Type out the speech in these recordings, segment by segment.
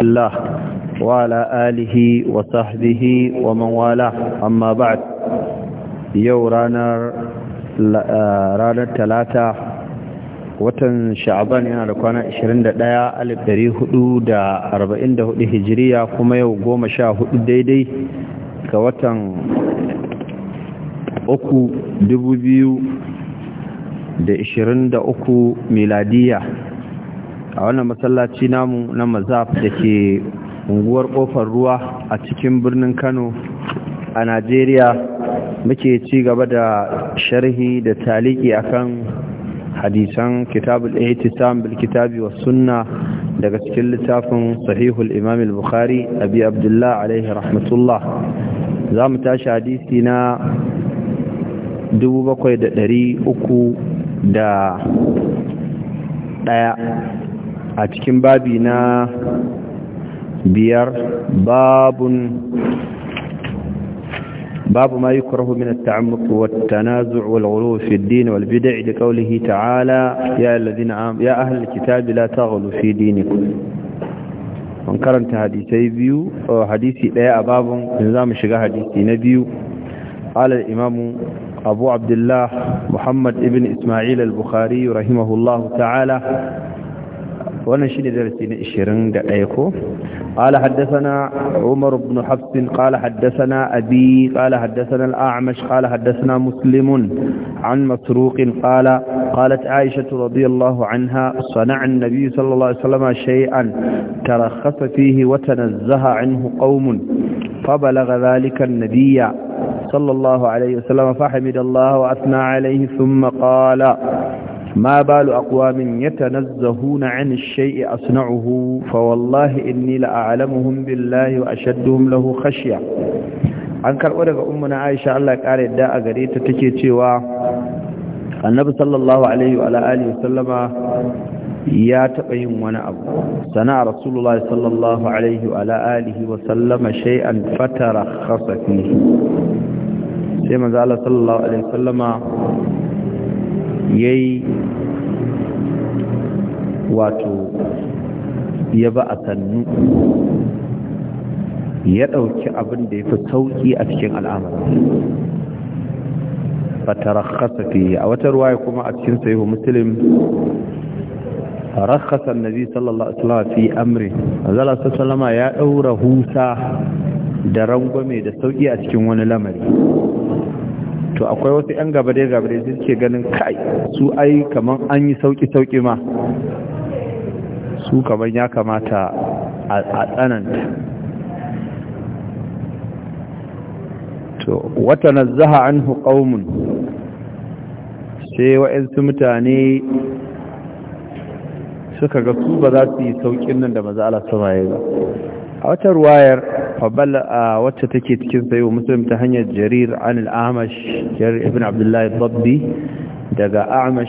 الله وعلى آله وصحبه ومن والاه أما بعد يو ranar talata watan sha'aban yana da kwana 21,444 hijiriya kuma yau goma sha hudu daidai ga watan uku miladiya a wannan masallaci namu na mazaf da ke unguwar kofar ruwa a cikin birnin kano a najeriya muke ci gaba da sharhi da taliki akan hadisan kitabul ihtisam bil kitabi was sunna daga cikin littafin sahihul imam al-bukhari abi abdullah alaihi rahmatullah za mu tashi hadisi na 7300 da ɗaya a cikin babi na biyar babu ma yi kurahu min ta'ammuku wa tanazu' wal ghuluw fi ad-din wal bid' li qawlihi ta'ala ya alladhina am ya ahli al-kitab la taghlu fi dinikum an karanta hadisi biyu hadisi daya a babun yanzu zamu shiga hadisi na biyu qala imam abu abdullah muhammad ibn isma'il al-bukhari rahimahullahu ta'ala وانا شيني درسين اشيرين دقائكو قال حدثنا عمر بن حفص قال حدثنا أبي قال حدثنا الأعمش قال حدثنا مسلم عن مسروق قال قالت عائشة رضي الله عنها صنع النبي صلى الله عليه وسلم شيئا ترخص فيه وتنزه عنه قوم فبلغ ذلك النبي صلى الله عليه وسلم فحمد الله وأثنى عليه ثم قال ما بال أقوام يتنزهون عن الشيء أصنعه فوالله إني لأعلمهم بالله وأشدهم له خشية an karɓo daga ummuna aisha Allah ƙara yadda a gare ta take cewa annabi sallallahu ya taɓa yin wani abu sana rasulullah sallallahu alaihi wa alihi wasallama shay'an fatara khasafi sai manzo Allah sallallahu alaihi ya yi wato ya ba a sannu ya ɗauki abin da ya fi sauƙi a cikin al'amarin fatarakasa fi a wata ruwaya kuma a cikin musulun muslim na nabi sallallahu ala'uwa fi amri zala su salama ya ɗaura husa da rangwame da sauƙi a cikin wani lamari to akwai wasu 'yan gabade-gabade da suke ganin kai su ai kamar an yi sauƙi-sauƙi ma su kamar ya kamata a tsananta to wata anhu qaumun sai wa'ansu mutane suka ga su ba za su yi sauƙin nan da maza'ala su sama ba a wata ruwayar fabal a wacce take cikin sayo muslim ta hanyar jarir an al'amash jarir ibn abdullahi babbi daga amash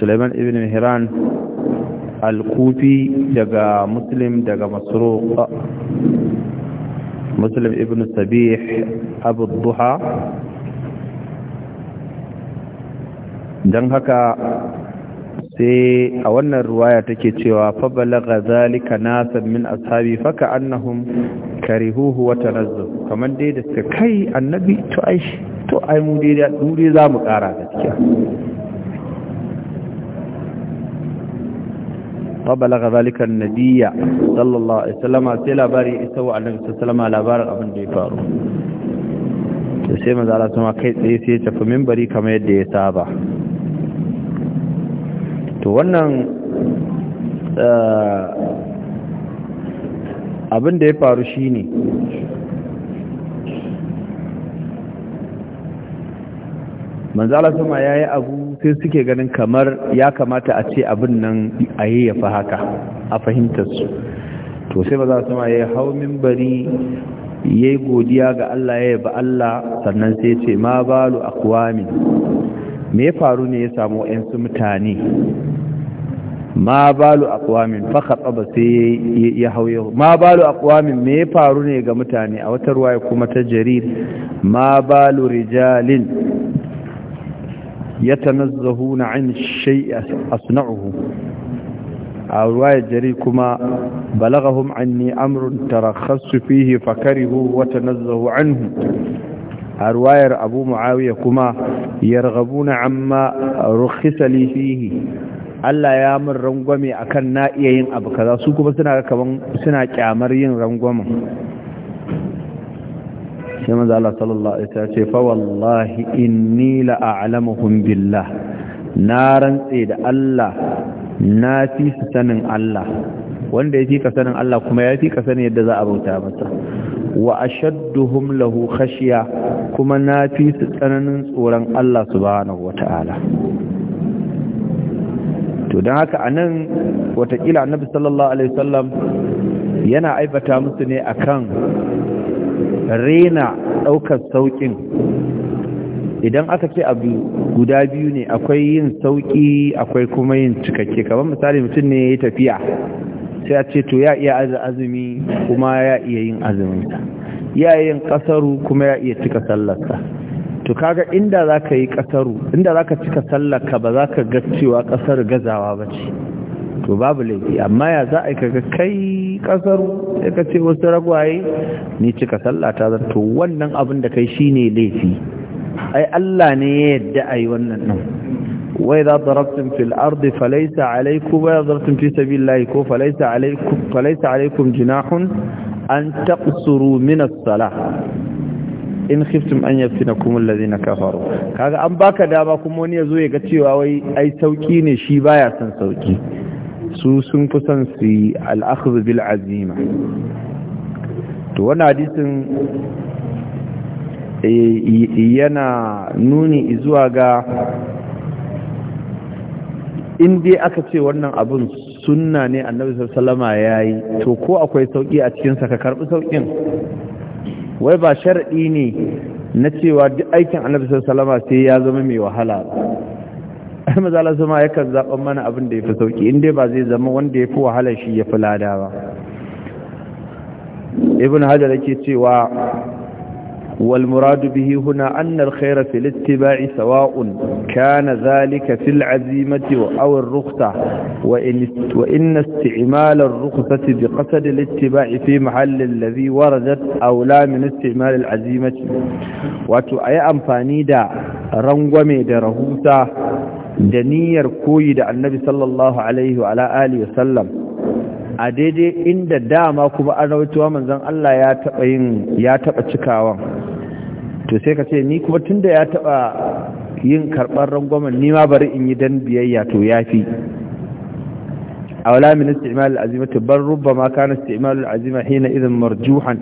suleiman ibn hiran al-kufi daga muslim daga masruq muslim ibn sabih abu duha don haka sai a wannan ruwaya take cewa fa balagha zalika nasan min ashabi faka annahum karihuhu wa tanazzu kaman dai da suka kai annabi to ai to ai mu dai mu dai zamu kara gaskiya fa balagha zalika annabiyya sallallahu alaihi wasallam sai labari isa wa annabi sallallahu alaihi labarin abin da ya faru sai manzo Allah sama kai tsaye sai ya tafi minbari kamar yadda ya saba to wannan eh, abin da ya faru shi shine manzala sama ya yi abu sai suke ganin kamar ya kamata a ce abin nan a yi ya haka a fahimtarsu to sai manzala sama ya yi hau mimbari ya yi godiya ga Allah ya ba Allah sannan sai ce ma balu akwamin me ya faru ne ya samu yansu mutane ma balu aqwamin fa khataba sai ya hauye ma balu aqwamin me ya faru ne ga mutane a wata ruwa kuma ta jarir ma balu rijalin ya ta nazzahu na shay'i shai a A ruwayar jarir kuma balagahum anni amrun tarakhasu fihi fakarihu wa tanazzahu anhu a ruwayar abu muawiya kuma yarghabuna amma rukhisa li fihi Allah ya min rangwame akan na iya yin abu kaza su kuma suna kaman suna kyamar yin rangwamen sai manzo Allah sallallahu alaihi wasallam ce fa wallahi inni la a'lamuhum billah na rantse da Allah na fi sanin Allah wanda ya fi sanin Allah kuma ya fi sanin yadda za a bauta masa wa ashadduhum lahu khashiya kuma na fi su tsananin tsoron Allah subhanahu wata'ala to don haka a nan watakila annabi sallallahu alaihi wasallam yana aibata musu ne a kan rena ɗaukar sauƙin idan aka ce abu guda biyu ne akwai yin sauƙi akwai kuma yin cikakke kamar misali mutum ne ya tafiya sai ya ce to ya iya azumi kuma ya iya yin azuminsa ya yin kasaru kuma ya iya cika sallarsa to kaga inda za ka yi kasaru inda za ka cika sallarka ba za ka ga cewa kasar gazawa ba ce to babu laifi amma ya za a kaga kai kasaru sai ka ce wasu ragwaye ni cika sallata zan to wannan abin da kai shine laifi ai Allah ne ya yadda a yi wannan nan وإذا ضربتم في الأرض فليس عليكم وإذا ضربتم في سبيل الله فليس عليكم, فليس عليكم جناح أن تقصروا من الصلاة in khiftum an yaftinakum alladhina kafaru kaga an baka dama kuma wani yazo ya ga cewa wai ai sauki ne shi baya san sauki su sun fi san su al-akhd bil azima to wannan hadisin yana nuni zuwa ga in dai aka ce wannan abun sunna ne annabi sallama ya yi to ko akwai sauƙi a cikinsa ka karɓi sauƙin wai ba sharaɗi ne na cewa duk aikin annabi sallama sai ya zama mai wahala mazala sama yakan zaɓen mana abin da ya fi sauƙi in dai ba zai zama wanda ya fi wahala shi ya fi lada ba ibn hajar yake cewa والمراد به هنا أن الخير في الاتباع سواء كان ذلك في العزيمة أو الرخصة وإن, وإن استعمال الرخصة بقصد الاتباع في محل الذي وردت أو لا من استعمال العزيمة وتؤي أنفاني دا رنغمي دا رهوسة دنير كوي دا النبي صلى الله عليه وعلى آله وسلم a daidai inda dama kuma an rawaituwa manzon Allah ya taɓa yin ya taɓa cikawan to sai ka ce ni kuma tun da ya taɓa yin karɓar rangwamen ni ma bari in yi dan biyayya to ya fi a wala min istimal al'azima bar rubba ma kana istimal azima hina idan marjuhan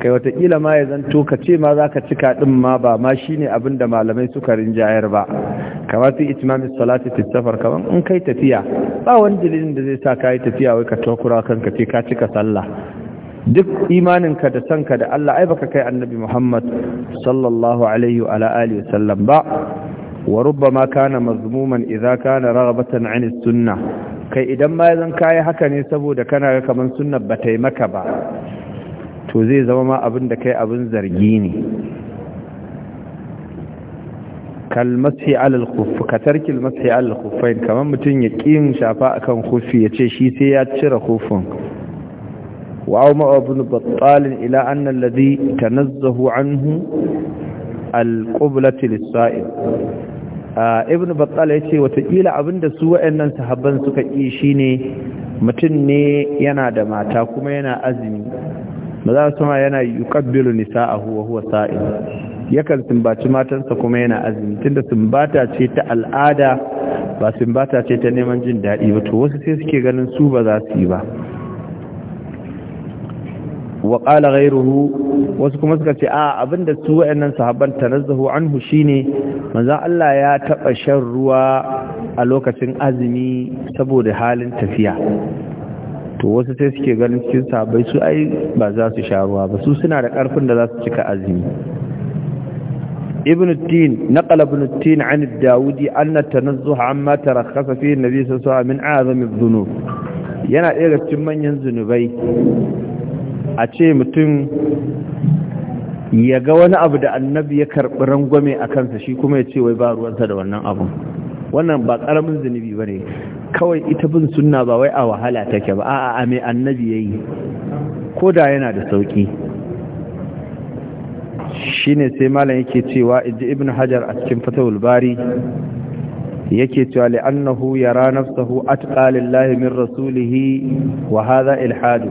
kai watakila ma ya zanto ka ce ma ka cika din ma ba ma ne abin da malamai suka rinjayar ba kamar fi itimam salati fi safar kamar in kai tafiya ba wani jirgin da zai sa ka yi tafiya wai ka tokura kanka ce ka cika sallah duk imaninka da sanka da Allah ai baka kai annabi Muhammad sallallahu alaihi wa alihi wasallam ba wa rubbama kana mazmuman idza kana raghabatan an sunnah kai idan ma yanzu kai haka ne saboda kana ga kaman sunnar ba tai maka ba to zai zama ma abin da kai abin zargi ne kalmasi alal khuff ka tarki almasi alal khuffain kaman mutun ya kin shafa akan khuffi yace shi sai ya cire khuffin وأومأ ابن بطال إلى أن الذي تنزه عنه القبلة للسائل ibn battal ya ce watakila abinda su waɗannan sahabban suka yi shine mutum ne yana da mata kuma yana azumi ba su ma yana yukabbilu nisa'ahu wa huwa sa'il yakan sumbaci matansa kuma yana azumi tunda sumbata ce ta al'ada ba sumbata ce ta neman jin daɗi ba to wasu sai suke ganin su ba za su yi ba wa qala ghayruhu wasu kuma suka ce a abinda su wayannan sahabban tanazzahu anhu shine manzon Allah ya taba shan ruwa a lokacin azumi saboda halin tafiya to wasu sai suke ganin cikin sahabbai su ai ba za su sha ruwa ba su suna da karfin da za su cika azumi Ibn al نقل an al عن anna أن amma tarakhasa ترخص an-nabi sallallahu alaihi wasallam min a'zami adh-dhunub yana daga cikin manyan zunubai a ce mutum ya ga wani abu da annabi ya karɓi rangwame a kansa shi kuma ya ce wai ba ruwansa da wannan abu wannan ba ƙaramin zunubi ba ne kawai ita bin suna ba wai a wahala take ba a'a a mai annabi ya yi ko da yana da sauƙi shi ne sai malam yake cewa inji ibn hajar a cikin fatawul bari yake cewa li'annahu yara nafsuhu atqa lillahi min rasulihi wa hadha ilhadu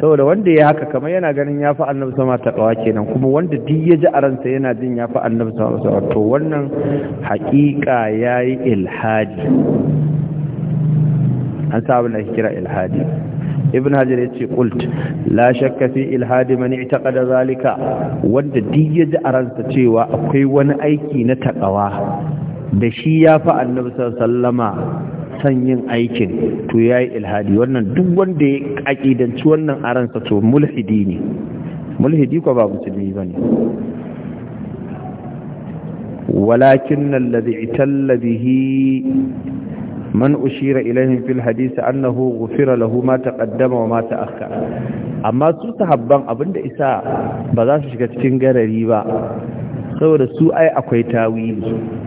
saboda wanda ya haka kamar yana ganin yafi annabi sama ta kawa kenan kuma wanda duk ya ji aransa yana jin yafi annabi sama to wannan haƙiƙa yayi ilhadi an sabu na kira ilhadi ibn hajar ya ce kult la shakka fi ilhadi man i'taqada zalika wanda duk ya ji a cewa akwai wani aiki na takawa da shi ya fi annabi sallama san yin aikin to ya yi ilhadi wannan duk wanda ya ƙaƙidanci wannan a ransa to mulhidi ne mulhidi ko ba musulmi ba ne walakin nallazi italla bihi man ushira ilahin fil hadisi annahu gufira lahu ma kaddama wa mata aka amma su sahabban abinda isa ba za su shiga cikin garari ba saboda su ai akwai tawili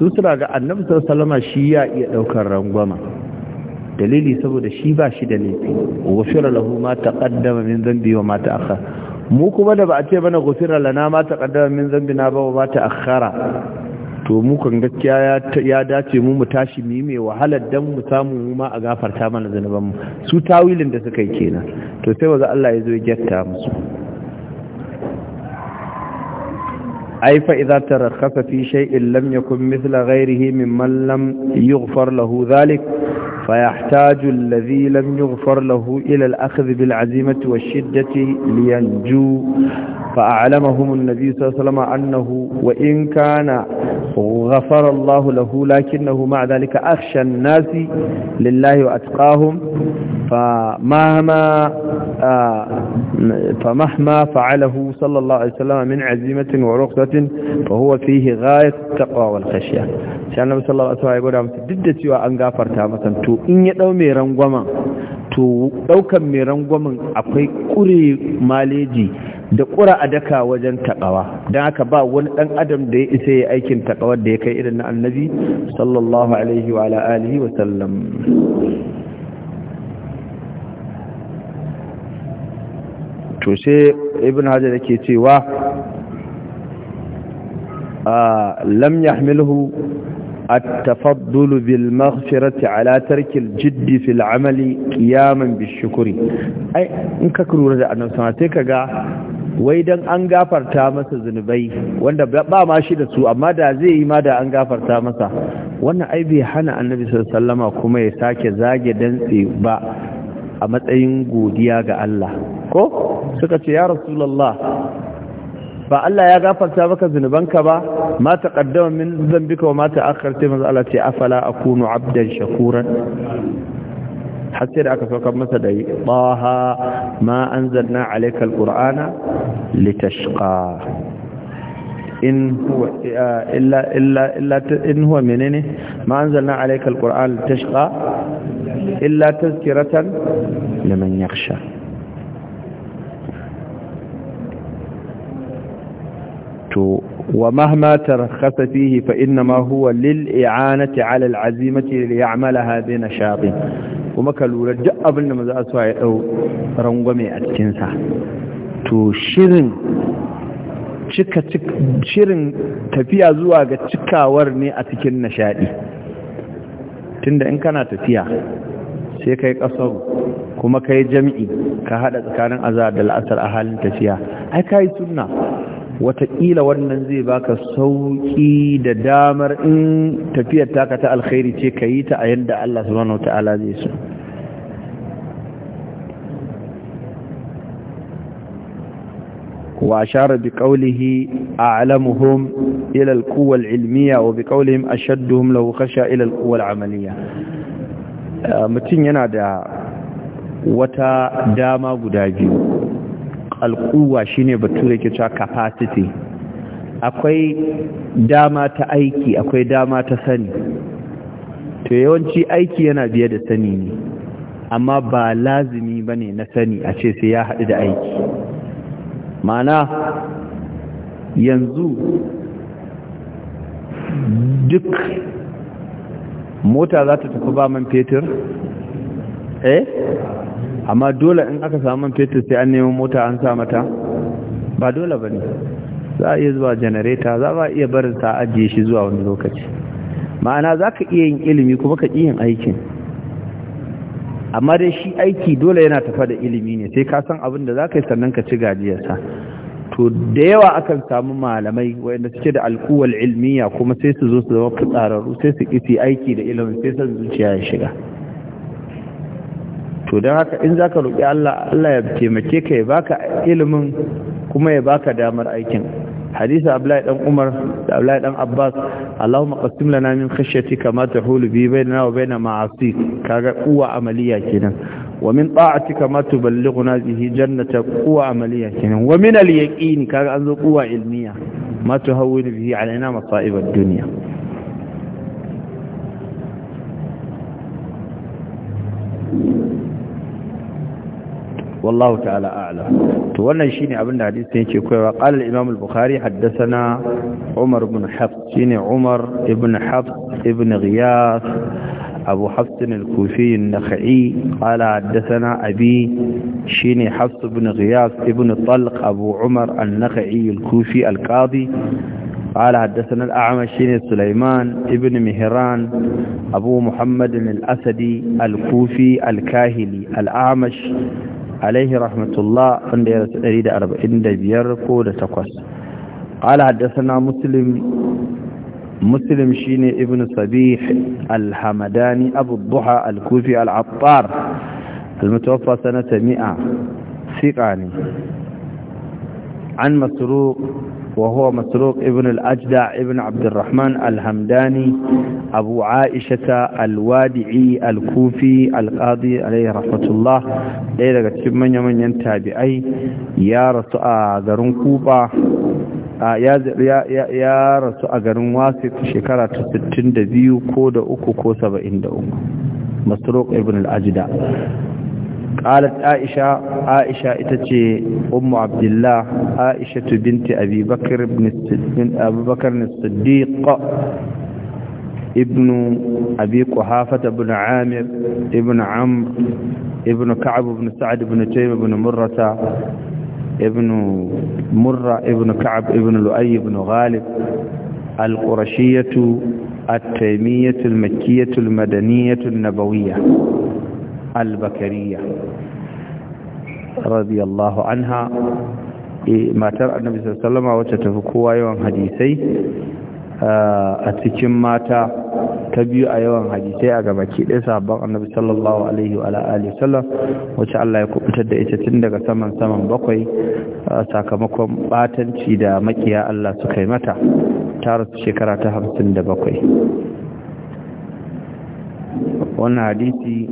su suna ga annabi sallama shi ya iya daukar rangwama dalili saboda shi ba shi da laifi ghufira lahu ma taqaddama min dhanbi wa ma ta'akhkhara mu kuma da ba a ce bana gufira lana ma taqaddama min na ba wa ma ta'akhkhara to mu kan gaskiya ya dace mu mu tashi mu mai wahalar dan mu samu mu ma a gafarta mana zanuban mu su tawilin da suka yi kenan to sai waza Allah ya zo ya jatta musu أي فإذا ترخص في شيء لم يكن مثل غيره ممن لم يغفر له ذلك فيحتاج الذي لم يغفر له إلى الأخذ بالعزيمة والشدة لينجو فأعلمهم النبي صلى الله عليه وسلم أنه وإن كان غفر الله له لكنه مع ذلك أخشى الناس لله وأتقاهم فمهما فمهما فعله صلى الله عليه وسلم من عزيمة ورقصة فهو فيه غاية التقوى والخشية شاء الله صلى الله عليه وسلم يقول ضد cewa an gafarta masa to in ya dau mai rangwama to daukan mai rangwamin akwai kure maleji da kura a daka wajen takawa don haka ba wani dan adam da ya isa ya aikin takawar da ya kai irin na annabi sallallahu alaihi wa alihi wa sallam to sai ibn hajar yake cewa lam yahmilhu التفضل بالمغفرة على Qiyaman, الجد في العمل قياما بالشكر أي إنك sai ka ga. wai don an gafarta masa zunubai wanda ba ma shi da su amma da zai yi ma da an gafarta masa wannan ai bai hana annabi sallama kuma ya sake zage dantse ba a matsayin godiya ga Allah ko suka ce ya rasulallah ba Allah ya gafarta maka zunubanka ba ma taqaddama min dhanbika wa ma ta'akhkhar sai manzo Allah ce afala akunu abdan shakuran har sai da aka saukar masa da yi ha ma anzalna alayka alqur'ana litashqa إن هو آه، إلا إلا إلا إن هو منين ما أنزلنا عليك القرآن لتشقى إلا تذكرة لمن يخشى تو ومهما ترخص فيه فإنما هو للإعانة على العزيمة ليعملها بنشاط وما كان ولد قبل ما أسوأ أو رنغمي أتنسى تو شرن cika shirin tafiya zuwa ga cikawar ne a cikin nishadi tunda in kana tafiya sai kai ƙasar, kuma kai jami'i ka haɗa tsakanin aza da la'asar a halin tafiya ai kai suna, watakila wannan zai baka sauƙi da damar in tafiyar taka ta alkhairi ce ka yi ta a yadda Allah subhanahu wa zai so وأشار بقوله أعلمهم إلى القوة العلمية وبقولهم أشدهم لو خشى إلى القوة العملية متين ينادى وتا داما قداجي shine شيني بطولة كتا capacity akwai dama ta aiki akwai dama ta sani to yawanci aiki yana biye da sani ne amma ba lazimi bane na sani a ce sai ya haɗu da aiki mana yanzu duk mota za ta tafi ba man fetur eh amma dole in aka samu man fetur sai an nemi mota an sa mata ba dole ba ne za a iya zuwa janareta za a iya barin ta ajiye shi zuwa wani lokaci ma'ana za ka iya yin ilimi kuma ka iya yin aikin amma dai shi aiki dole yana tafa da ilimi ne sai ka san abin da za ka yi sannan ka ci gajiyarsa to da yawa akan samu malamai wanda suke da alkuwal ilmiya kuma sai su zo su zama fitsararru sai su kisi aiki da ilimin sai san zuciya ya shiga to don haka in za ka roƙi Allah Allah ya taimake ka ya baka ilimin kuma ya baka damar aikin حديث أبلاي أم عمر أبلاي أم عباس اللهم قسم لنا من خشيتك ما تحول بي بيننا وبين معاصيك كاغا قوة عملية كنا ومن طاعتك ما تبلغنا به جنة قوة عملية كنا ومن اليقين كاغا أنزو قوة علمية ما تهون به علينا مصائب الدنيا Thank you. والله تعالى أعلم تولنا wannan shine abin da hadisi yake koyarwa عمر بن imam al-bukhari haddathana umar ibn hafs أبو حفص الكوفي النخعي قال حدثنا أبي شيني حفص بن غياث ابن طلق أبو عمر النخعي الكوفي القاضي قال حدثنا الأعمى شيني سليمان ابن مهران أبو محمد الأسدي الكوفي الكاهلي الأعمش عليه رحمة الله عند أريد 145 عند بيركو لتقص قال حدثنا مسلم مسلم شيني ابن صبيح الحمداني أبو الضحى الكوفي العطار المتوفى سنة مئة ثقاني عن مسروق وهو مسروق ابن الأجدع ابن عبد الرحمن الهمداني أبو عائشة الوادعي الكوفي القاضي عليه رحمة الله إذا قد من يمن ينتهي أي يا رسع أغرون كوبا يا rasu a garin wasit shekara ta 62 ko da uku ko 73 masarok ibn al-ajida قالت عائشة عائشة إتتي أم عبد الله عائشة بنت أبي بكر بن من أبي بكر الصديق ابن أبي قحافة بن عامر ابن عمرو ابن كعب بن سعد بن تيم بن مرة ابن مرة ابن كعب ابن لؤي بن غالب القرشية التيمية المكية المدنية النبوية albakariya radiyallahu anha e, matar annabi sallama wacce tafi kowa yawan hadisai a cikin mata ta biyu a yawan hadisai a gaba ke ɗaya sabon annabi sallallahu alaihi wa alihi sallam wacce Allah ya kubutar da ita tun daga saman saman bakwai sakamakon batanci da makiya Allah suka yi mata ta rasu shekara ta hamsin da bakwai wannan hadisi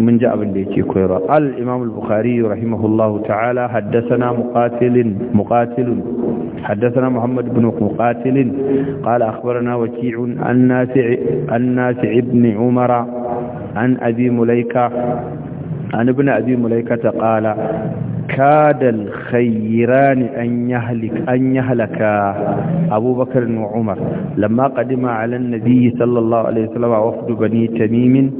من جاء بالليكي كويرا الإمام البخاري رحمه الله تعالى حدثنا مقاتل مقاتل حدثنا محمد بن مقاتل قال أخبرنا وكيع النافع النافع بن عمر عن أبي مليكة عن ابن أبي مليكة قال كاد الخيران أن يهلك, أن يهلك أبو بكر وعمر لما قدم على النبي صلى الله عليه وسلم وفد بني تميم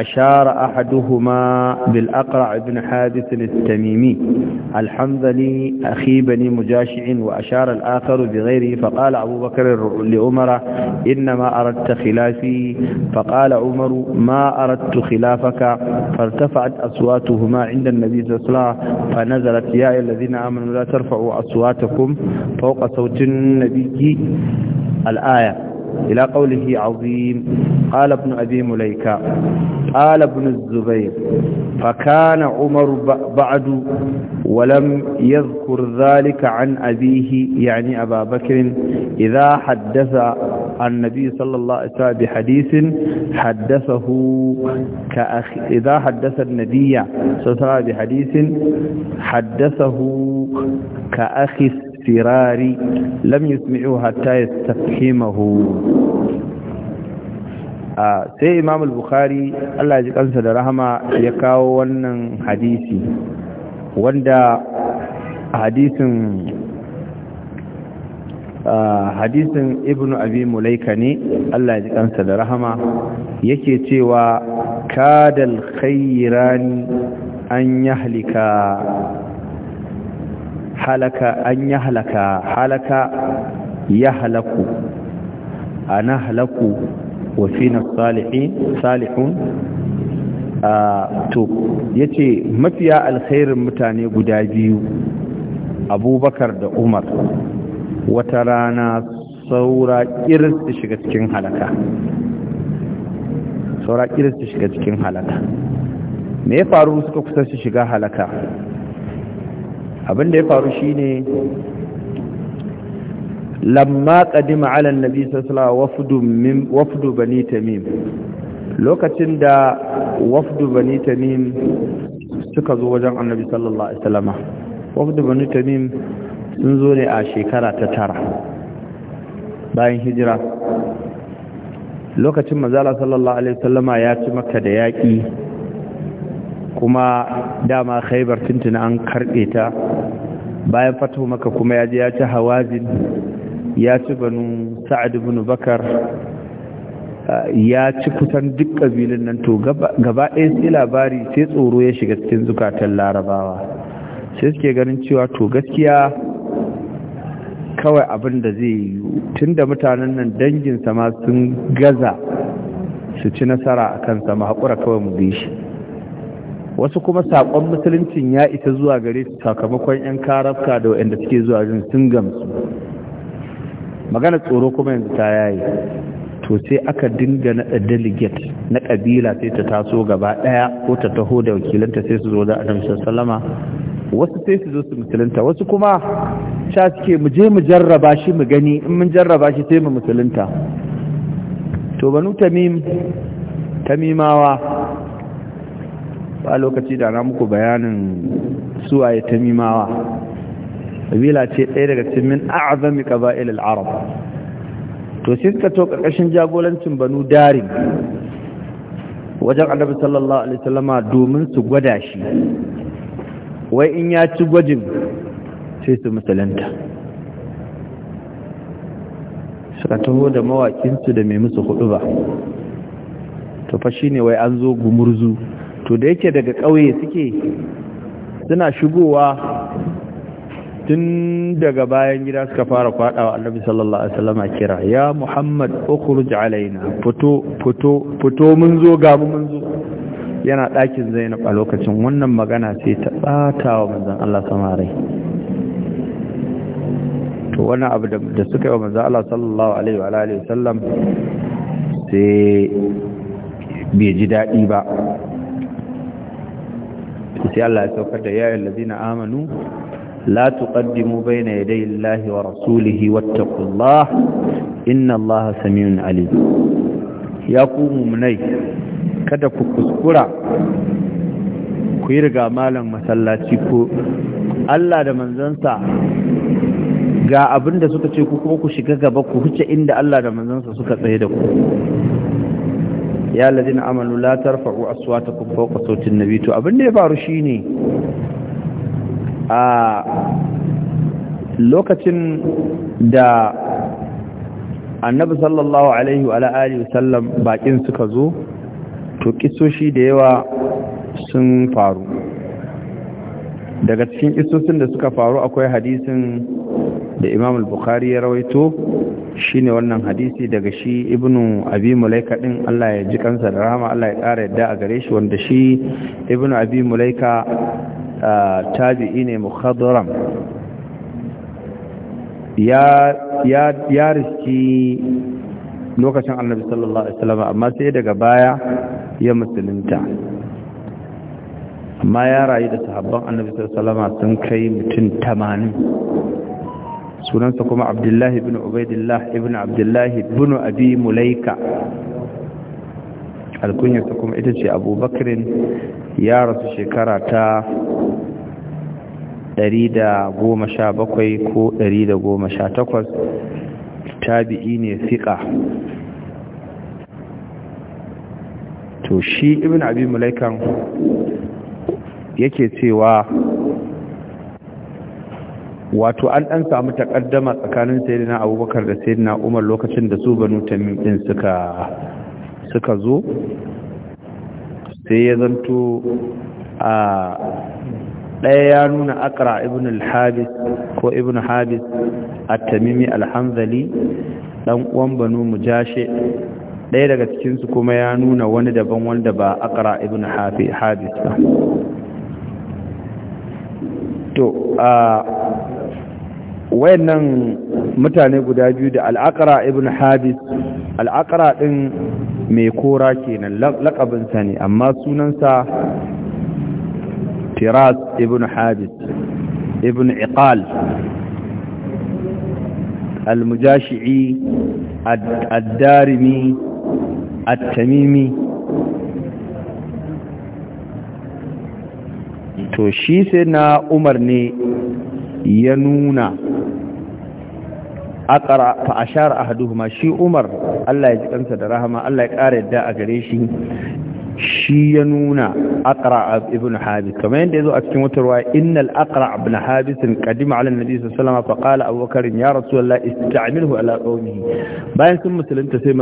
أشار أحدهما بالأقرع بن حادث التميمي لي أخي بني مجاشع وأشار الآخر بغيره فقال أبو بكر لعمر إنما أردت خلافي فقال عمر ما أردت خلافك فارتفعت أصواتهما عند النبي صلى الله عليه وسلم فنزلت يا الذين آمنوا لا ترفعوا أصواتكم فوق صوت النبي الآية إلى قوله عظيم قال ابن أبي مليكة قال ابن الزبير فكان عمر بعد ولم يذكر ذلك عن أبيه يعني أبا بكر إذا حدث النبي صلى الله عليه وسلم بحديث حدثه كأخ إذا حدث النبي صلى الله عليه وسلم بحديث حدثه كأخي السرار لم يسمعه حتى a sai imam al-bukhari Allah ji kansa da rahama ya kawo wannan hadisi wanda hadisin hadisin ibn abi mulaika ne Allah ji kansa da rahama yake cewa kadal khairani an yahlika halaka an ya halaka halaka ya halaku ana halaku wa na salihun to ya ce mafiya alkhairin mutane guda biyu abubakar da umar wata rana saura iris shiga cikin halaka saura iris shiga cikin halaka me ya faru suka kusa su shiga halaka abin da ya faru shine lamma qadima ala nabi sallallahu wafdu min wafdu bani tamim lokacin da wafdu bani tamim suka zo wajen annabi sallallahu alaihi wasallama wafdu bani tamim sun zo ne a shekara ta tara bayan hijira lokacin mazala sallallahu alaihi wasallama ya ci maka da yaƙi kuma dama khaibar tuntuna an karɓe ta bayan fatu maka kuma yaje je ya ci hawazin ya ci banu sa'ad ibn bakar ya ci kusan duk ƙabilun nan to gaba ɗaya sai labari sai tsoro ya shiga cikin zukatan larabawa sai suke ganin cewa to gaskiya kawai abin da zai yi Tunda mutanen nan dangin sama sun gaza su ci nasara a kansa ma haƙura kawai mu bi shi wasu kuma saƙon musuluncin ya ita zuwa gare su sakamakon 'yan karafka da waɗanda suke zuwa jin sun gamsu magana tsoro kuma yanzu ta yayi to sai aka dinga naɗa delegate na ƙabila sai ta taso gaba ɗaya ko ta taho da wakilanta sai su zo da adam sallama wasu sai su zo su musulunta wasu kuma sha suke mu je mu jarraba shi mu gani in mun jarraba shi sai mu musulunta to banu tamim tamimawa ba lokaci da na muku bayanin suwaye mimawa kabila ce ɗaya daga cikin min a'azami qaba'il al'arab arab to sai suka to karkashin jagorancin banu darin wajen annabi sallallahu alaihi wasallama domin su gwada shi wai in ya ci gwajin sai su musulunta suka taho da mawakinsu da mai musu hudu ba to fa shine wai an zo gumurzu to da yake daga ƙauye suke suna shigowa tun daga bayan gida suka fara wa annabi sallallahu alaihi wasallam kira ya muhammad ukhruj alaina fito fito fito mun zo ga mun zo yana ɗakin zainab a lokacin wannan magana sai ta tsata wa manzon Allah samare to wani abu da suka yi wa manzon Allah sallallahu alaihi wa alihi wasallam sai bai ji daɗi ba sai Allah ya saukar da ya allazina amanu la tuqaddimu bayna yaday Allahi wa rasulihi wattaqullah inna Allaha samiun alim ya ku mu'minai kada ku kuskura ku yi riga malam masallaci ko Allah da manzansa ga abin suka ce ku kuma ku shiga gaba ku huce inda Allah da manzansa suka tsaye da ku ya lazina amalu la tarfa'u aswatakum fawqa sawti an-nabi to abin da ya faru shine a lokacin da annabi sallallahu alaihi wa alihi wasallam bakin suka zo to kisoshi da yawa sun faru daga cikin kisosin da suka faru akwai hadisin da Imam al-Bukhari ya rawaito shine wannan hadisi daga shi ibnu abi mulaika din Allah ya ji kansa da rahama Allah ya ƙara yadda a gare shi wanda shi ibnu abi mulaika tabi'i ne mukhadram ya ya riski lokacin annabi sallallahu alaihi wasallam amma sai daga baya ya musulunta amma ya rayu da sahabban annabi sallallahu alaihi wasallam sun kai mutum 80 sunansa kuma abdullahi ibn ubaidillah ibn abdullahi ibn abi mulaika alkunyarsa kuma ita ce Abubakar, ya rasu shekara ta 117 ko 118 tabi'i ne fiƙa to shi ibn abi mulaikan yake cewa wato an ɗan samu takaddama tsakanin sayyidina abubakar da sayyidina umar lokacin da su banu tamim ɗin suka zo sai ya zanto a ɗaya ya nuna akra ibn al-habis ko ibn habis at-tamimi al dan uwan banu mujashe ɗaya daga cikinsu kuma ya nuna wani daban wanda ba akra ibn habis ba to wayannan mutane guda biyu da al'akara ibn habis al'akara din mai kora kenan laƙabinsa ne amma sunansa tiras ibn habis ibn iqal al-mujashi'i ad-darimi at-tamimi to shi sai na umar ne ya nuna aqra fa ashara ahaduhuma shi Umar Allah ya ji kansa da rahama Allah ya kare yadda a gare shi shi ya nuna aqra ibn habis kamar yadda yazo a cikin wata ruwa innal aqra ibn habis qadima ala nabi sallallahu alaihi wasallam fa qala abubakar ya rasulullah ista'milhu ala qaumihi bayan sun musulunta sai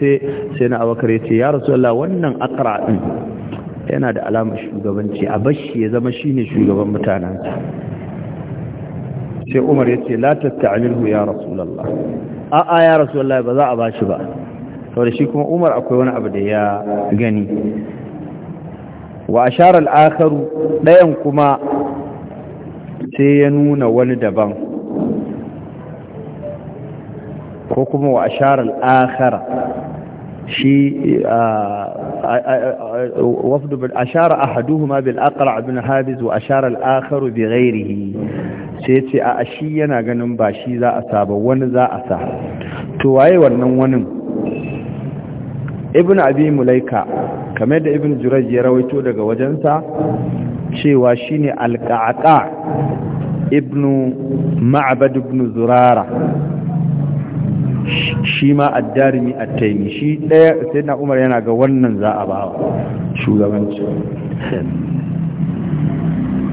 sai sai na abubakar yace ya rasulullah wannan aqra yana da alamar shugabanci a bashi ya zama shine shugaban mutanansa sai umar ya ce la tatta'alilhu ya rasulallah a ya rasulallah ba za a bashi ba saboda shi kuma umar akwai wani abu da ya gani wa ashar al-akharu dayan kuma sai ya nuna wani daban ko kuma wa shi ashar al ahaduhu ma وفد أشار abin بالأقرع بن حابز وأشار الآخر بغيره sai ce a shi yana ganin ba shi za a sa ba wani za a sa to waye wannan wani ibn abi mulaika kamar da ibn juraj ya rawaito daga wajensa cewa shine alƙaƙa ibn ma'abad ibn zurara shi ma addarimi taimi shi sai na umar yana ga wannan za a ba shugabanci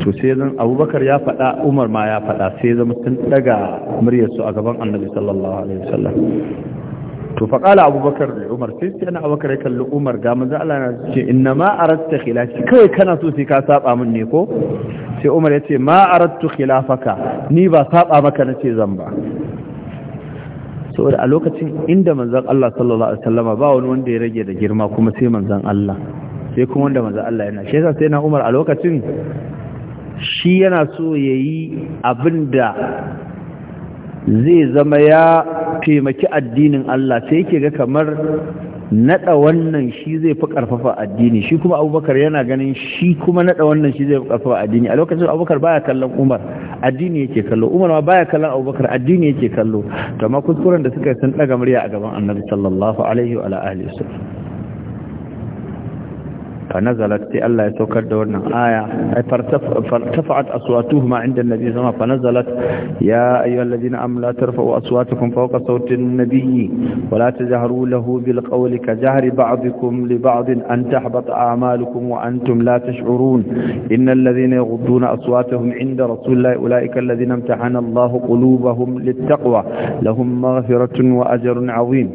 to sai zan abubakar ya faɗa umar ma ya faɗa sai zama sun daga muryarsu a gaban annabi sallallahu alaihi wasallam to faƙala abubakar da umar sai sai ana abubakar ya kalli umar ga manzo Allah na ce inna ma aratta khilafi kai kana so sai ka saba min ne ko sai umar ya ce ma arattu khilafaka ni ba saba maka na zan ba saboda a lokacin inda manzan Allah sallallahu alaihi wasallama ba wani wanda ya rage da girma kuma sai manzan Allah sai kuma wanda manzan Allah yana shi yasa sai na Umar a lokacin shi yana so ya yi abin da zai zama ya taimaki addinin Allah sai yake ga kamar naɗa wannan shi zai fi ƙarfafa addini shi kuma abubakar yana ganin shi kuma naɗa wannan shi zai fi ƙarfafa addini a lokacin abubakar baya kallon umar addini yake kallo umar ma baya kallon abubakar addini yake kallo to amma kuskuren da suka yi sun ɗaga murya a gaban annabi sallallahu alaihi wa alihi wasallam فنزلت في الله يتوكد دورنا آية فارتفعت أصواتهما عند النبي صلى الله عليه وسلم فنزلت يا أيها الذين أم لا ترفعوا أصواتكم فوق صوت النبي ولا تجهروا له بالقول كجهر بعضكم لبعض أن تحبط أعمالكم وأنتم لا تشعرون إن الذين يغضون أصواتهم عند رسول الله أولئك الذين امتحن الله قلوبهم للتقوى لهم مغفرة وأجر عظيم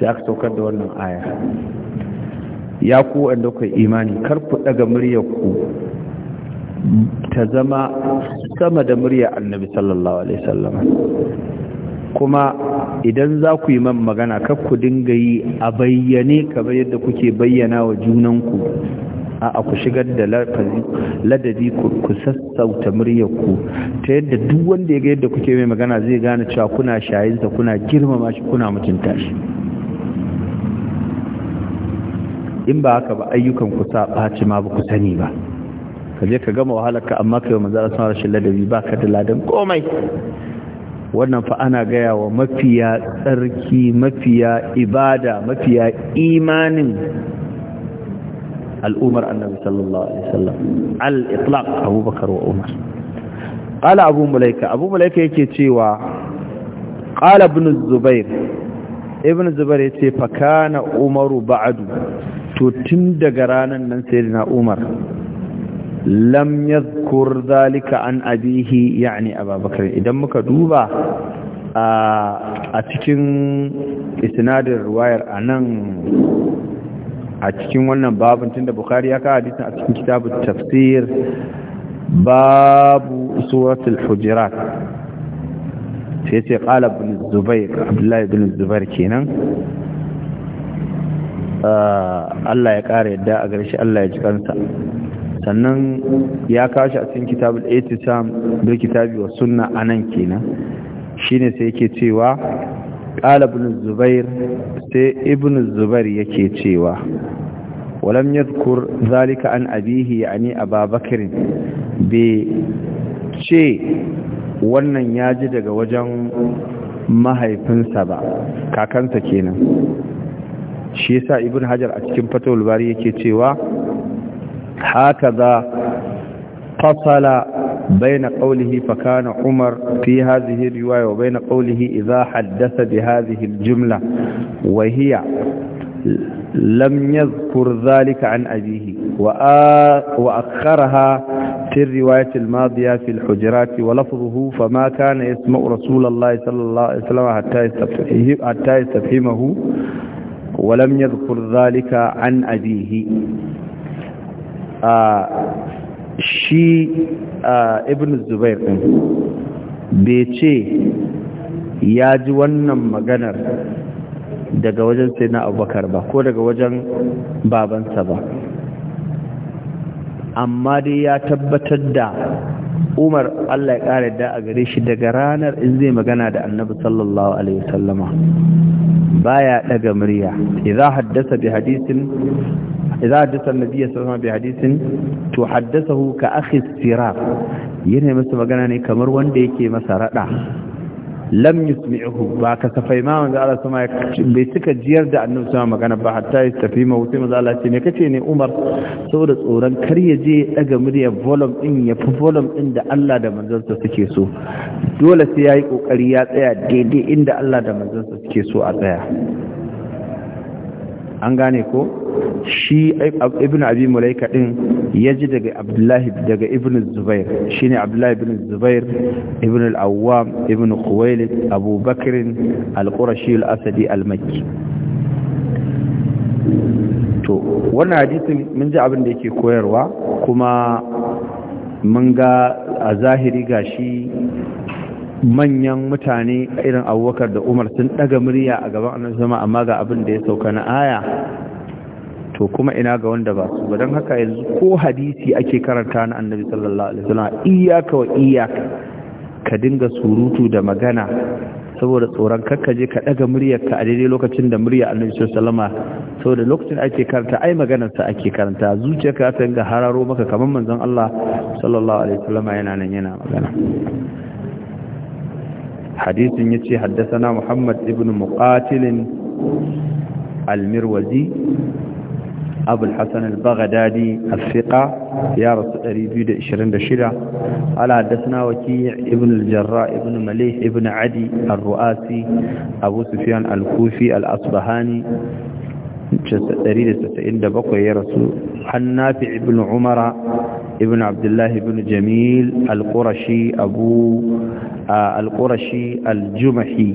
سأكتوكد ورنا آية ya ku wanda ku imani kar ku daga muryarku ta zama sama da muryar annabi sallallahu alaihi wasallam kuma idan za ku yi man magana kar ku dinga yi a bayyane kamar yadda kuke bayyana wa junanku a ku shigar da ladabi ku sassauta muryarku ta yadda duk wanda ya ga yadda kuke mai magana zai gane cewa kuna shayinsa kuna girmama shi kuna mutunta shi in ba haka ba ayyukan ku sa ɓaci ma ba ku sani ba ka je ka gama wahalarka amma kai wa manzara sun rashin ladabi ba ka da ladan komai wannan fa ana gaya wa mafiya tsarki mafiya ibada mafiya imanin al'umar annabi sallallahu alaihi wasallam al-itlaq abubakar wa umar qala abu mulaika abu mulaika yake cewa qala ibn zubair ibn zubair yace fa kana umaru ba'du to tun daga ranar nan sai na umar lam zalika an abihi yani ababakar idan muka duba a cikin isnadin ruwayar anan a cikin wannan babin tunda bukari ya kawo a cikin kitabu tafsir babu suratul hujurat sai sai qala ibn zubair abdullahi ibn zubair kenan Ah, Allah ya ƙara yadda a garshi Allah ya ci kansa sannan ya kashi a cikin al-Ittisam bil kitabi wa sunna anan kenan shine sai yake cewa qala ibn zubair sai ibn zubair yake cewa walam يذكر zalika an أبيه a أبا bi ce wannan ya ji daga wajen mahaifinsa ba kakansa kenan shi yasa ibn hajar a cikin fatawul bari yake cewa haka za fasala baina qawlihi fakana umar fi hadhihi riwaya wa baina qawlihi idha haddatha bi hadhihi aljumla wa hiya lam yadhkur an abihi wa akharaha fi riwayati almadhiya fi alhujurati wa lafdhuhu fa ma kana yasma'u rasulallahi sallallahu alayhi wa sallam hatta ولم kurzalika ذلك عن أبيه shi ibn zubair ɗin bai ce ya ji wannan maganar daga wajen sai abubakar ba ko daga wajen babansa ba amma dai ya tabbatar da umar allah ya kare da a gare shi daga ranar in zai magana da annabi sallallahu alaihi wasallama baya daga murya idza haddasa bi hadisin idza haddasa annabi sallallahu alaihi bi hadisin to haddasahu ka akhi sirar yana masa magana ne kamar wanda yake masa rada lam yusmi'uhu ba kasafai ma manzo Allah sama bai cika jiyar da annabi sama magana ba hatta ya tafi ma wuce manzo Allah ce ne kace ne Umar saboda tsoron kar ya je daga murya volume din ya fi volume din da Allah da manzansa suke so dole sai yayi kokari ya tsaya daidai inda Allah da manzansa suke so a tsaya an gane ko shi ibn abi mulaika din ya ji daga abdullahi daga ibn zubair shine abdullahi ibn zubair ibn al-awwam ibn khuwailid abubakar al-qurashi al-asadi al-makki to wannan hadisin mun ji abin da yake koyarwa kuma mun ga a zahiri gashi manyan mutane irin abubakar da umar sun ɗaga murya a gaban annabi zama amma ga abin da ya sauka na aya to kuma ina ga wanda ba su don haka yanzu ko hadisi ake karanta na annabi sallallahu alaihi wasallam iyaka wa iyaka ka dinga surutu da magana saboda tsoron je ka daga muryarka a daidai lokacin da murya annabi sallallahu alaihi wasallam saboda lokacin ake karanta ai maganarsa ake karanta zuciyarka ta dinga hararo maka kamar manzon Allah sallallahu alaihi wasallam yana nan yana magana hadisin ya ce haddasa muhammad ibn muqatilin almirwazi abu hassan al-baghdadi al-fiqa ya rasu 226 ala haddasa waki ibn jarra ibn malih ibn adi al-ru'asi abu sufyan al-kufi al-asbahani 197 ya rasu hannafi ibn umara ibn abdullahi ibn jamil al-qurashi abu al-qurashi al-jumahi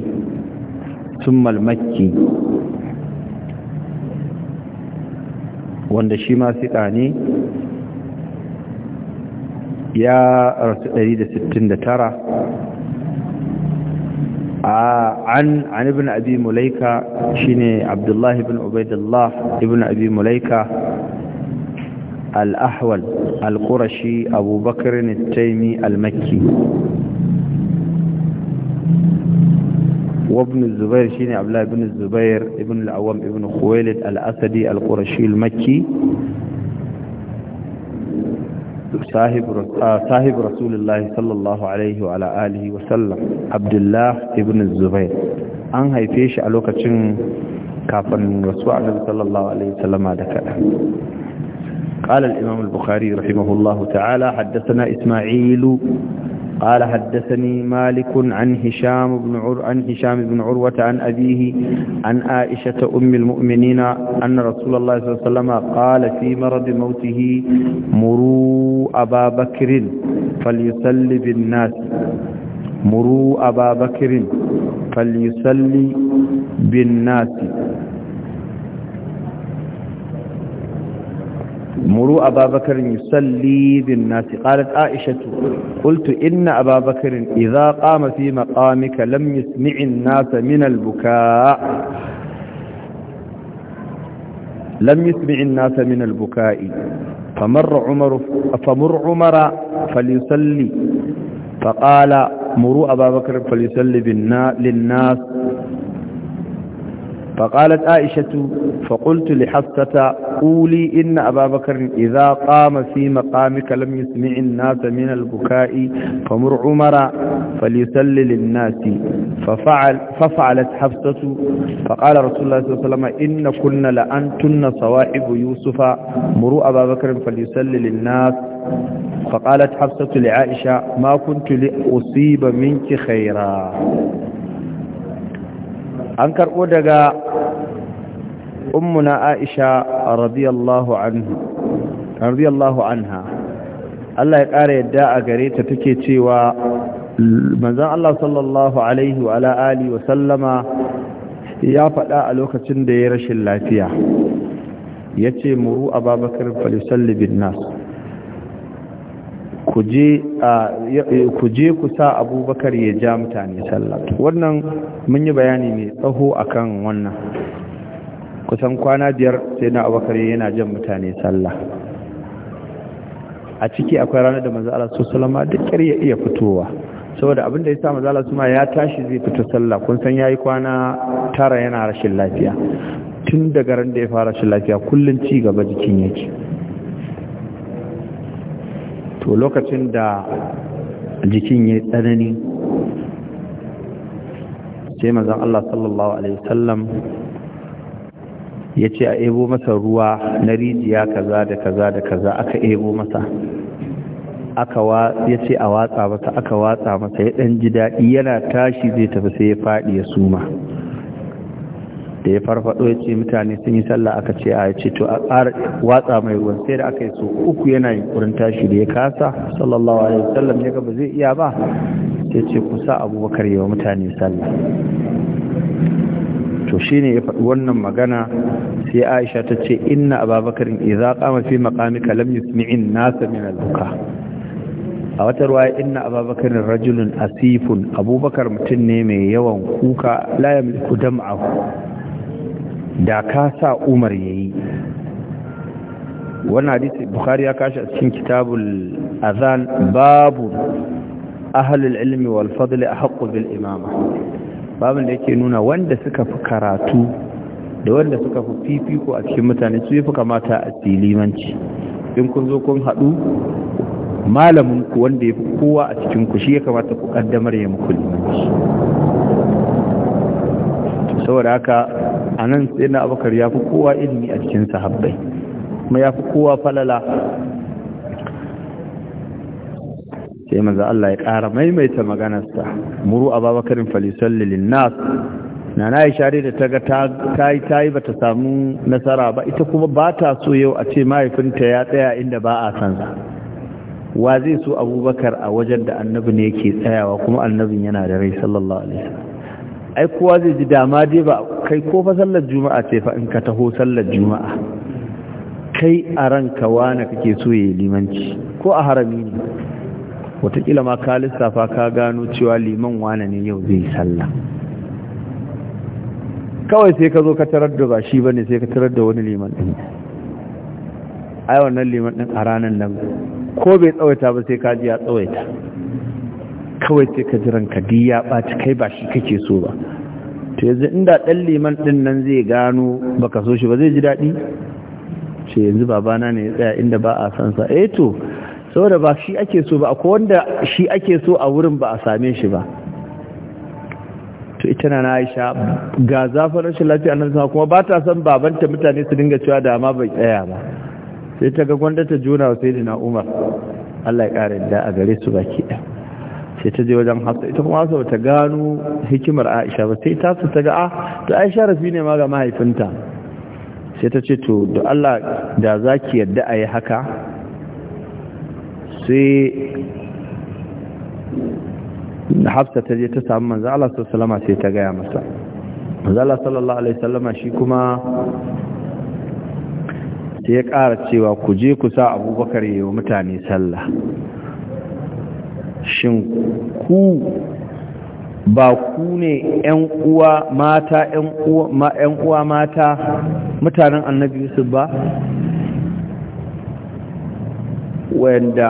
wanda shi ma fiƙa ne ya rasu 169 عن عن ابن أبي مليكة شيني عبد الله بن عبيد الله ابن أبي مليكة الأحول القرشي أبو بكر التيمي المكي وابن الزبير شيني عبد الله بن الزبير ابن العوام ابن خويلد الأسدي القرشي المكي sahib ah, rasulullahi sallallahu alaihi wa alihi wasallam ibn zubair an haife shi a lokacin kafin wasu annabi sallallahu alaihi wasallama da kada قال الإمام البخاري رحمه الله تعالى حدثنا إسماعيل قال حدثني مالك عن هشام بن عر عن هشام بن عروة عن أبيه عن عائشة أم المؤمنين أن رسول الله صلى الله عليه وسلم قال في مرض موته مروا أبا بكر فليصلي بالناس مروا أبا بكر فليصلي بالناس مروا أبا بكر يصلي بالناس قالت عائشة قلت إن أبا بكر إذا قام في مقامك لم يسمع الناس من البكاء لم يسمع الناس من البكاء فمر عمر فمر عمر فليصلي فقال مروا أبا بكر فليصلي للناس فقالت عائشة فقلت لحفصة قولي إن أبا بكر إذا قام في مقامك لم يسمع الناس من البكاء فمر عمر فليسل للناس ففعل ففعلت حفصة فقال رسول الله صلى الله عليه وسلم إن كنا لأنتن صواحب يوسف مروا أبا بكر فليسل للناس فقالت حفصة لعائشة ما كنت لأصيب منك خيرا an karɓo daga ummuna aisha radiyallahu anha Allah ya ƙara yadda a gare ta take cewa manzan Allah sallallahu alaihi wa ala'ali wa sallama ya faɗa a lokacin da ya rashin lafiya ya ce muru a babakar falisalli bin nasu ku je ku sa abubakar ya ja mutane sallah wannan mun yi bayani mai tsaho akan wannan kusan kwana biyar sai na abubakar yana jan mutane sallah a ciki akwai ranar da maza'ala su salama duk ya iya fitowa saboda abin da ya sa maza'ala su ma ya tashi zai fito sallah kun san ya yi kwana tara yana rashin lafiya tun da ran da ya fara rashin lafiya kullum ci gaba jikin yake to lokacin da jikin ya tsanani sai mazan Allah sallallahu Alaihi wasallam ya ce a ebo masa ruwa na rijiya kaza da kaza da kaza aka ebo masa aka ya ce a watsa masa aka watsa masa ya ɗan ji daɗi yana tashi zai tafi sai ya faɗi ya suma da ya farfado ya ce mutane sun yi sallah aka ce a ce to a watsa mai ruwan sai da aka yi so uku yana yunkurin tashi da ya kasa sallallahu alaihi wasallam ya ga ba zai iya ba sai ce kusa abubakar yawa mutane sallah to shine ya faɗi wannan magana sai Aisha ta ce inna Abubakar za qama fi maqamika lam yusmi'in nasa min al a wata ruwaya inna Abubakar rajulun asifun Abubakar mutum ne mai yawan kuka la yamliku dam'ahu da ka sa umar ya yi Wani hadisi bukari ya kashi a cikin kitabul azan babu ahalul ilmi wal fadli ahqqu bil imama babin da yake nuna wanda suka fi karatu da wanda suka fi fifiko a cikin mutane su fi kamata a limanci in kun zo kun haɗu malamin ku wanda ya fi kowa a cikin ku shi ya kamata ku kaddamar ya muku limanci saboda haka a nan sai na abakar ya fi kowa ilimi a cikin sahabbai kuma ya fi kowa falala sai maza Allah ya ƙara maimaita maganarsa muru a babakarin lilin linnas na na yi share da ta ga ta yi ta yi ba ta samu nasara ba ita kuma ba ta so yau a ce mahaifinta ya tsaya inda ba a san wa zai so abubakar a wajen da annabi ne yake tsayawa kuma annabin yana da rai sallallahu alaihi wasallam ai kowa zai ji dama dai ba kai ko fa sallar juma'a ce fa in ka taho sallar juma'a kai a ranka wani kake so yayi limanci ko a harami ne watakila ma ka lissafa ka gano cewa liman wane ne yau zai salla kawai sai ka zo ka tarar da ba shi bane sai ka tarar da wani liman din ai wannan liman din a ranar nan ko bai tsawaita ba sai ka ji ya tsawaita kawai sai ka jiran ka diya, ɓaci kai ba shi kake so ba to yanzu inda ɗan liman ɗin nan zai gano baka so shi ba zai ji daɗi ce yanzu babana ne ya tsaya inda ba a san sa eh to saboda ba shi ake so ba akwai wanda shi ake so a wurin ba a same shi ba to ita na Aisha ga zafin rashin lafiya nan sama kuma ba ta san babanta mutane su dinga cewa da ma bai tsaya ba sai ta ga gwanda ta juna wa sai Umar Allah ya ƙara da a gare su baki ɗaya sai ta je wajen hafsa ita kuma hafsa ta gano hikimar aisha ba sai ta ta ga ah to aisha rafi ne ma ga mahaifinta sai ta ce to da Allah da za ki yadda a yi haka sai hafsa ta je ta samu manzan Allah sallama sai ta gaya masa manzan Allah sallallahu alaihi sallama shi kuma sai ya kara cewa ku je ku sa abubakar yi wa mutane sallah shin ku ba ku ne ‘yan uwa mata ‘yan uwa mata mutanen annabi Yusuf ba wanda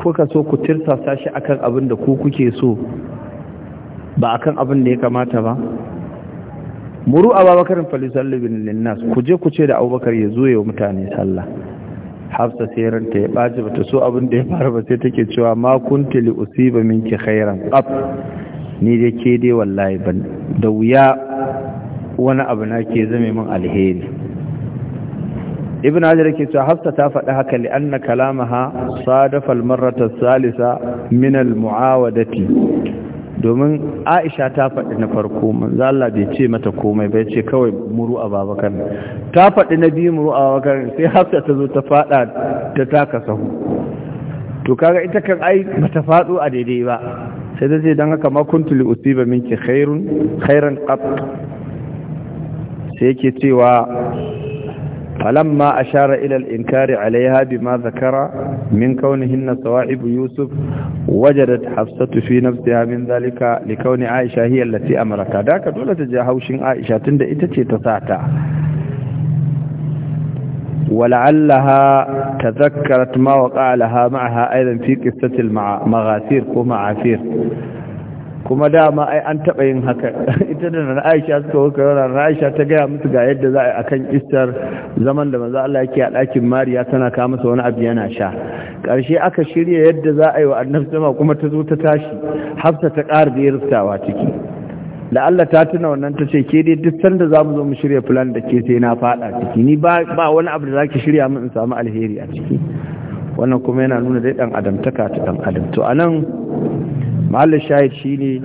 kuka so ku tirsasa shi akan abin da ku kuke so ba akan abin da ya kamata ba muru a babakarin bin linnas ku je ku ce da abubakar ya zo ya mutane sallah hafsa sai ta ya ɓaci bata so abin da ya fara ba sai take cewa ma kunti li usiba minki khairan qab ni dai ke dai wallahi ban da wuya wani abu na ke zame min alheri ibn hajar ke cewa hafsa ta faɗi haka li anna kalamaha sadafa al marrata salisa min al muawadati domin aisha ta faɗi na farko manzala bai ce mata komai bai ce kawai muru a babakar ta faɗi na biyu muru a babakar sai hafsa ta zo ta faɗa ta taka sahu to kaga ita kan ai bata faɗo a daidai ba sai ta ce don haka ma kuntu li usiba minki khairun khairan qat sai yake cewa فلما أشار إلى الإنكار عليها بما ذكر من كونهن صواحب يوسف وجدت حفصة في نفسها من ذلك لكون عائشة هي التي أمرك ذاك دولة جاهوش عائشة تند إتتي ولعلها تذكرت ما وقع لها معها أيضا في قصة المغاثير ومعاثير kuma dama ai an taɓa yin haka ita da na aisha suka wuka yau na aisha ta gaya musu ga yadda za a yi akan istar zaman da maza Allah yake a ɗakin mariya tana kawo masa wani abu yana sha ƙarshe aka shirya yadda za a yi wa annabta sama kuma ta zo ta tashi hafsa ta ƙara da ruftawa ciki da Allah ta tuna wannan ta ce ke dai duk sanda za mu zo mu shirya filan da ke sai na faɗa ciki ni ba wani abu da za ki shirya min in samu alheri a ciki wannan kuma yana nuna dai ɗan adamtaka ta ɗan adam to anan mahallin shahid shine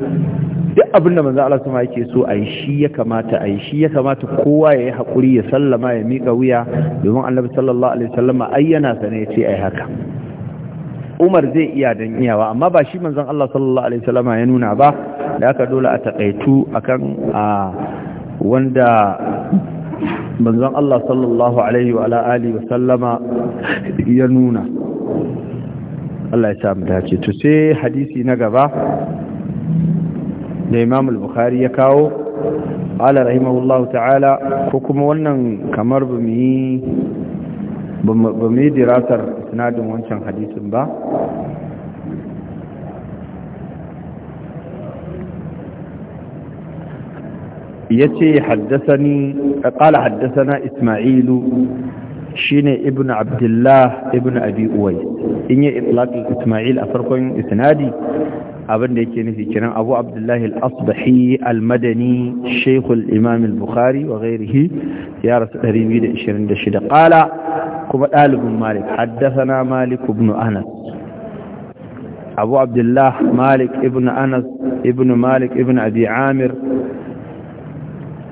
duk abin da manzo Allah kuma yake so a yi shi ya kamata a yi shi ya kamata kowa ya yi hakuri ya sallama ya mika wuya domin annabi sallallahu alaihi wasallama ai yana sane ya ce ai haka Umar zai iya dan iyawa amma ba shi manzon Allah sallallahu alaihi wasallama ya nuna ba da aka dole a takaitu akan a wanda manzon Allah sallallahu alaihi wa alihi wasallama ya nuna Allah ya sa mu dace to sai hadisi na gaba da Imam al-Bukhari ya kawo ala rahimahullahu ta'ala ko kuma wannan kamar ba mu yi dirasar sinadin wancan hadisin ba ya حدثني قال حدثنا isma'ilu shine ibn abdullah ibn abi uwai in yi itlaq isma'il a farkon isnadi abin da yake nufi kiran abu abdullahi al-asbahi al-madani shaykhul imam al-bukhari wa ghairihi ya rasu 226 qala kuma dalibin malik haddathana malik ibn anas abu abdullah malik ibn anas ibn malik ibn abi amir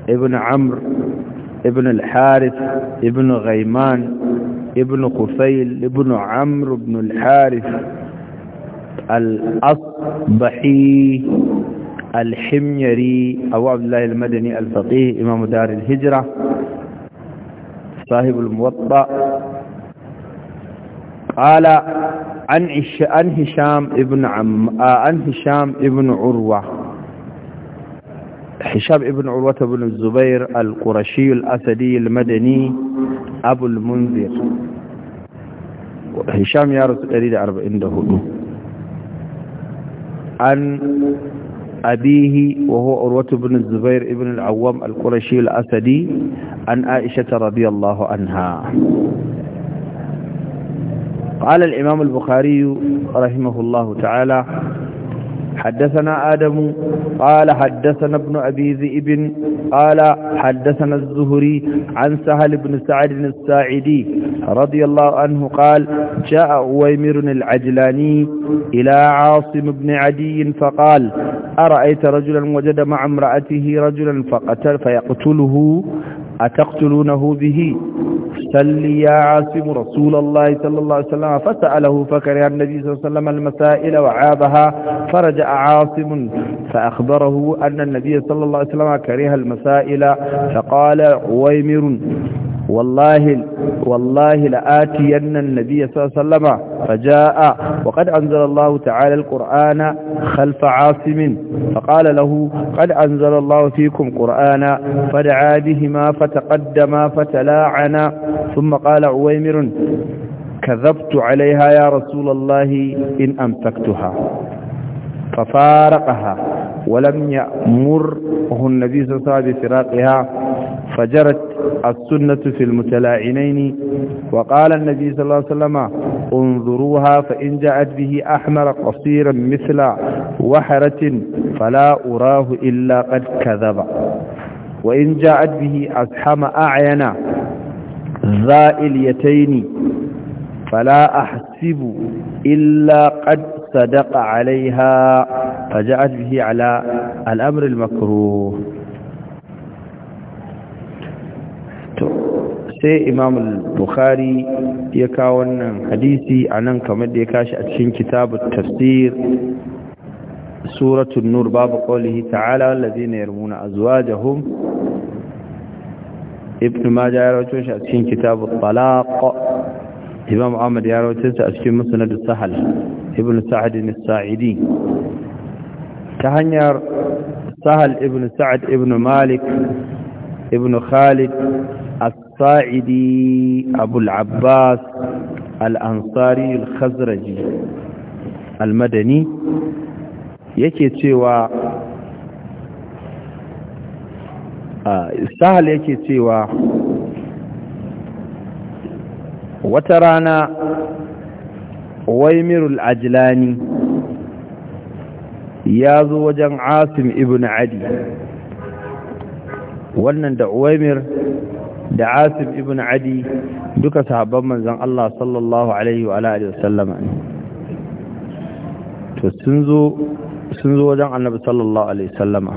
ibn amr ابن الحارث ابن غيمان ابن قفيل ابن عمرو بن الحارث الأصبحي الحميري أبو عبد الله المدني الفقيه إمام دار الهجرة صاحب الموطأ قال عن عن هشام ابن عم آه، عن هشام ابن عروة هشام ابن عروة بن الزبير القرشي الأسدي المدني أبو المنذر هشام يارس قريد عرب عنده عن أبيه وهو عروة بن الزبير ابن العوام القرشي الأسدي عن عائشة رضي الله عنها قال الإمام البخاري رحمه الله تعالى حدثنا آدم قال حدثنا ابن أبي ذئب قال حدثنا الزهري عن سهل بن سعد الساعدي رضي الله عنه قال جاء ويمر العجلاني إلى عاصم بن عدي فقال أرأيت رجلا وجد مع امرأته رجلا فقتل فيقتله أتقتلونه به سل يا عاصم رسول الله صلى الله عليه وسلم فسأله فكره النبي صلى الله عليه وسلم المسائل وعابها فرجع عاصم فأخبره أن النبي صلى الله عليه وسلم كره المسائل فقال ويمر والله والله لآتين النبي صلى الله عليه وسلم فجاء وقد أنزل الله تعالى القرآن خلف عاصم فقال له قد أنزل الله فيكم قرآنا فدعا بهما فتقدما فتلاعنا ثم قال عويمر كذبت عليها يا رسول الله إن أمسكتها ففارقها ولم يأمره النبي صلى الله عليه وسلم بفراقها فجرت السنة في المتلاعنين وقال النبي صلى الله عليه وسلم انظروها فإن جاءت به أحمر قصيرا مثل وحرة فلا أراه إلا قد كذب وإن جاءت به أزحم أعين ذا اليتين فلا أحسب إلا قد صدق عليها فجاءت به على الأمر المكروه sai imam bukhari ya kawo wannan hadisi a nan kamar da ya kashi a cikin kitabu tafsir suratun nur babu qawlihi ta'ala wallazina yarmuna azwajahum ibn majah ya rawaito shi a cikin kitabu talaq imam ahmad ya rawaito shi a cikin musnad sahal ibn sa'd as-sa'idi ta hanyar sahal ibn sa'd ibn malik ibn khalid الصاعدي أبو العباس الأنصاري الخزرجي المدني yake cewa sahal yake cewa wata rana waimirul ajilani ya zo wajen asim ibn adi wannan da waimir da asif ibn adi duka sahabban manzan Allah sallallahu alaihi wa alihi wasallama to sun zo wajen annabi sallallahu alaihi wasallama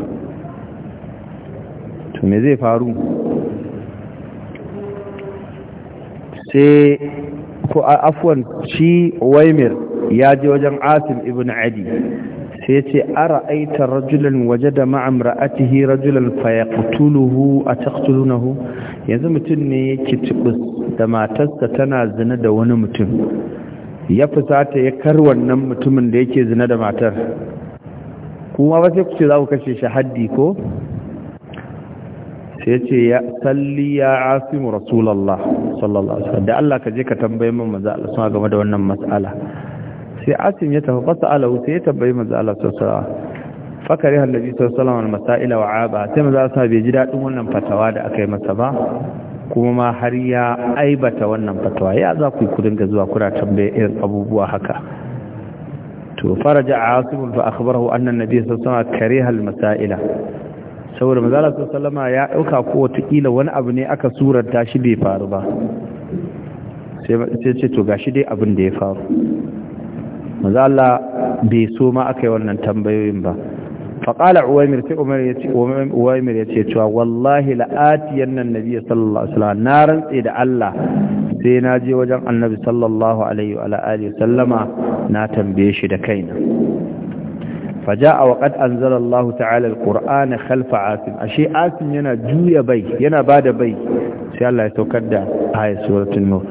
to me zai faru sai ku a afwan shi waimir ya je wajen asim ibn adi sai ce ara aita rajulan waje da ma'amra'atihi rajulan fayaqtuluhu a taqtulunahu yanzu mutum ne ke tubus da matarsa tana zina da wani mutum ya fusata ya kar wannan mutumin da yake zina da matar kuma ba sai kuce za ku kashe shi haddi ko sai ce ya salli ya asimu rasulallah sallallahu ala'uwa da Allah ka je ka tambayi min maza Allah game da wannan mas'ala sai asim ya tafi fasa alahu sai ya tambayi maza Allah sallallahu fakari hallabi sallallahu wani masaila wa aba sai maza sa bai ji daɗin wannan fatawa da aka yi masa ba kuma ma har ya aibata wannan fatawa ya za ku yi kudin ga zuwa kura tambaye irin abubuwa haka to faraja asibin fa akhbarahu anna nabi sallallahu kare hal kariha saboda maza Allah sallallahu ya ɗauka ko wata wani abu ne aka suranta shi bai faru ba sai ce to gashi dai abin da ya faru maza Allah bai so ma aka yi wannan tambayoyin ba faƙala uwaimir sai uwaimir ya ce cewa wallahi la'atiyan nan nabiya sallallahu alaihi wasallam na rantse da Allah sai na je wajen annabi sallallahu alaihi wa alihi sallama na tambaye shi da kaina فجاء وقد أنزل الله تعالى القرآن خلف عاصم أشي عاصم ينا جوية بي bai sai بي سي الله يتوكد آية سورة النور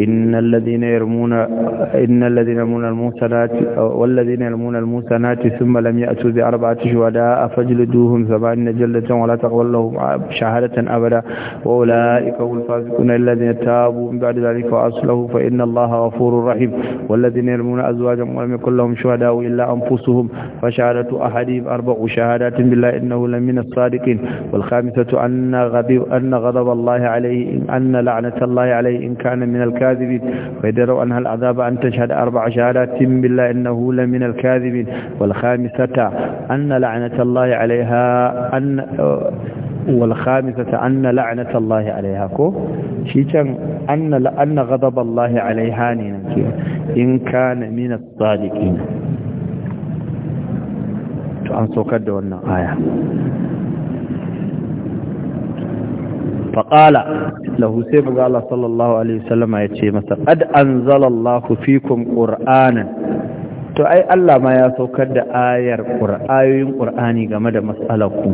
إن الذين يرمون إن الذين يرمون المحسنات والذين يرمون المحسنات ثم لم يأتوا بأربعة شهداء فاجلدوهم ثمانين جلدة ولا تقبل لهم شهادة أبدا وأولئك هم الفاسقون الذين تابوا من بعد ذلك وأصلحوا فإن الله غفور رحيم والذين يرمون أزواجهم ولم يكن لهم شهداء إلا أنفسهم فشهادة أحدهم أربع شهادات بالله إنه لمن الصادقين والخامسة أن غضب أن غضب الله عليه أن لعنة الله عليه إن كان من الكافرين الكاذبين ويدروا أنها العذاب أن تشهد أربع شهادات بالله إنه لمن الكاذبين والخامسة أن لعنة الله عليها أن والخامسة أن لعنة الله عليها كو شيشان أن أن غضب الله عليها إن كان من الصادقين أن سوكد والنقايا faƙala lahu sai maza Allah sallallahu Alaihi wasallama ya ce masa ad an zalallahu fikun ƙur'anin to ai Allah ma ya saukar da ayar ayoyin ƙur'ani game da matsalarku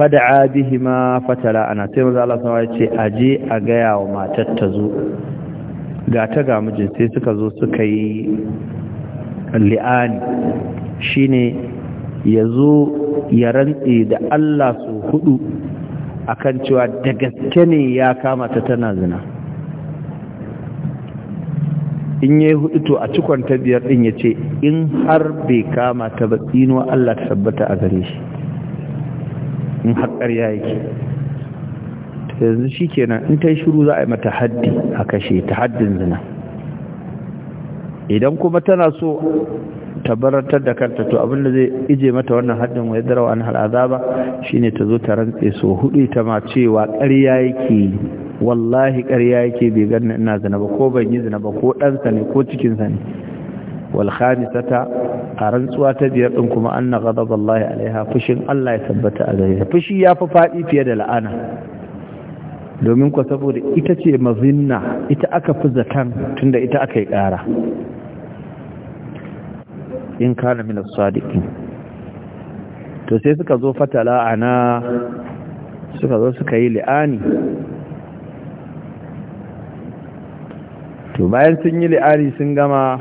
fada'a bihi ma fatala ana sai maza Allah sallallahu ya ce aje a gaya wa matar ta zo ga ta ga mijin sai suka zo suka yi li'ani shine ya zo ya rantse da Allah su hudu akan cewa da gaske ne ya kama ta tana zina in yi hudu to a cikon ta biyar din ya ce in har bai kama ta ba tsinuwa Allah ta tabbata a gare shi in haƙar ya yake ta yanzu shi kenan in ta yi shuru za a yi mata haddi a kashe ta haddin zina idan kuma tana so tabbatar da kanta to abinda zai ije mata wannan haddin wa yadrawa an hal azaba shine ta zo ta rantse so hudu ta ma cewa ƙarya yake wallahi ƙarya yake bai ganna ina zina ba ko ban yi zina ba ko ɗansa ne ko cikinsa ne wal khamisata a rantsuwa ta biyar din kuma anna ghadaballahi alaiha fushin Allah ya tabbata a gare fushi ya fi fadi fiye da la'ana domin ko saboda ita ce mazinna ita aka fi zatan tunda ita aka yi ƙara in kana min sadiki sadiqin to sai suka zo fatala ana suka zo suka yi li'ani to bayan sun yi li'ani sun gama